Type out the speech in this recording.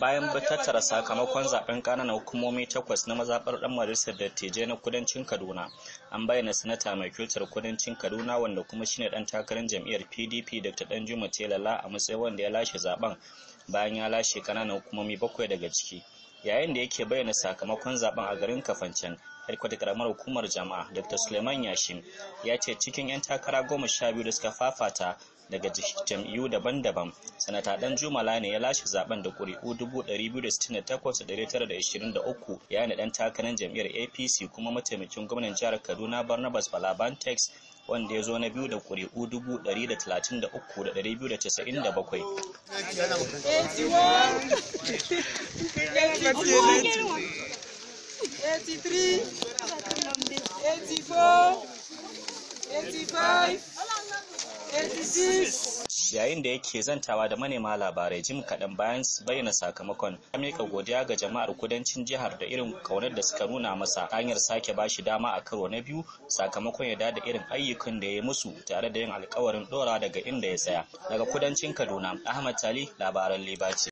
Bayan tattara sakamakon zaben kananan hukumomi takwas na mazabar dan majalisar dattijai na Kudancin Kaduna, an bayyana sanata mai kyautar Kudancin Kaduna wanda kuma shine dan takarar jam'iyyar PDP Dr. Danjuma telala a matsayin wanda ya lashe zaben bayan ya lashe kananan hukumomi bakwai daga ciki. Yayin da yake bayyana sakamakon zaben a garin Kafancen, harkar karamar hukumar jama'a Dr. Suleiman Yashim ya ce cikin 'yan takara goma sha biyu da suka fafata daga jam'iyyu daban-daban sanata dan jumala ne ya lashe zaben da ƙuri'u 268,923 ya ni dan takarar jam'iyyar apc kuma mataimakin gwamnan jihar kaduna barnabas balabantex wanda ya zo na biyu da ƙuri'u 133,297 83 84 yayin da yake zantawa da manema labarai jim kaɗan bayan bayyana sakamakon ya mika godiya ga jama'ar kudancin jihar da irin ƙaunar da suka nuna masa hanyar sake bashi dama a karo na biyu sakamakon ya da irin ayyukan da ya musu tare da yin alkawarin dora daga inda ya tsaya daga kudancin kaduna ahmad tali labaran libaci